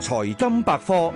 財金百科，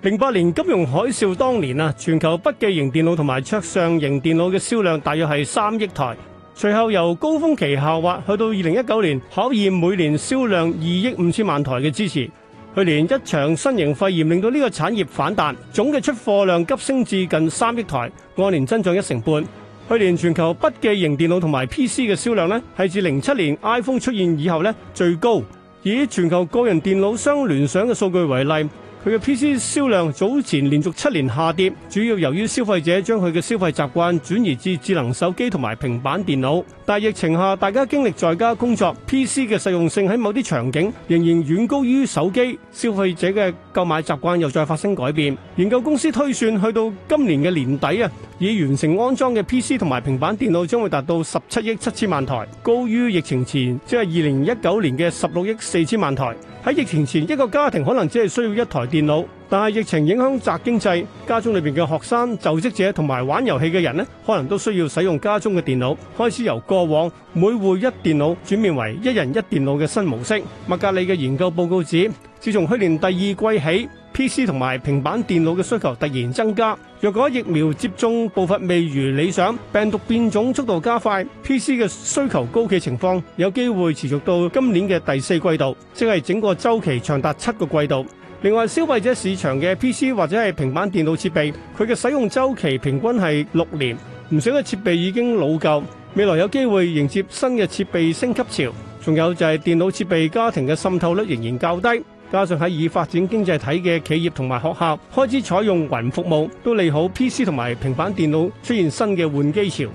零八年金融海嘯當年啊，全球筆記型電腦同埋桌上型電腦嘅銷量大約係三億台。隨後由高峰期下滑，去到二零一九年考驗每年銷量二億五千萬台嘅支持。去年一場新型肺炎令到呢個產業反彈，總嘅出貨量急升至近三億台，按年增長一成半。去年全球筆記型電腦同埋 PC 嘅銷量咧，係自零七年 iPhone 出現以後咧，最高。以全球個人電腦商聯想嘅數據為例。佢嘅 PC 銷量早前連續七年下跌，主要由於消費者將佢嘅消費習慣轉移至智能手機同埋平板電腦。但疫情下，大家經歷在家工作，PC 嘅實用性喺某啲場景仍然遠高於手機。消費者嘅購買習慣又再發生改變。研究公司推算，去到今年嘅年底啊，已完成安裝嘅 PC 同埋平板電腦將會達到十七億七千萬台，高於疫情前，即係二零一九年嘅十六億四千萬台。喺疫情前，一個家庭可能只係需要一台電腦，但係疫情影響宅經濟，家中裏邊嘅學生、就職者同埋玩遊戲嘅人呢，可能都需要使用家中嘅電腦，開始由過往每戶一電腦轉變為一人一電腦嘅新模式。麥格里嘅研究報告指。自從去年第二季起，PC 同埋平板電腦嘅需求突然增加。若果疫苗接種步伐未如理想，病毒變種速度加快，PC 嘅需求高企情況有機會持續到今年嘅第四季度，即係整個周期長達七個季度。另外，消費者市場嘅 PC 或者係平板電腦設備，佢嘅使用周期平均係六年，唔少嘅設備已經老舊，未來有機會迎接新嘅設備升級潮。仲有就係電腦設備家庭嘅滲透率仍然較低，加上喺已發展經濟體嘅企業同埋學校開始採用雲服務，都利好 PC 同埋平板電腦出現新嘅換機潮。